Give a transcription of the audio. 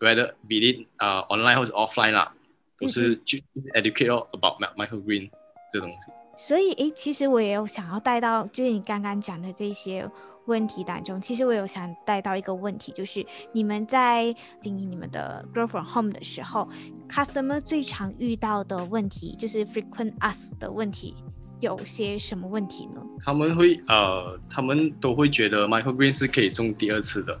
Whether be it 啊 online 或者 offline 啦，都是去 educate 咯，about Michael Green 呢個東西。所以誒，其實我也有想要帶到，就是你剛剛講的這些問題當中，其實我有想帶到一個問題，就是你們在經營你們的 Grow From Home 的時候，customer 最常遇到的問題，就是 frequent ask 的問題，有些什麼問題呢？他們會，呃，他們都會覺得 Michael Green 是可以種第二次的。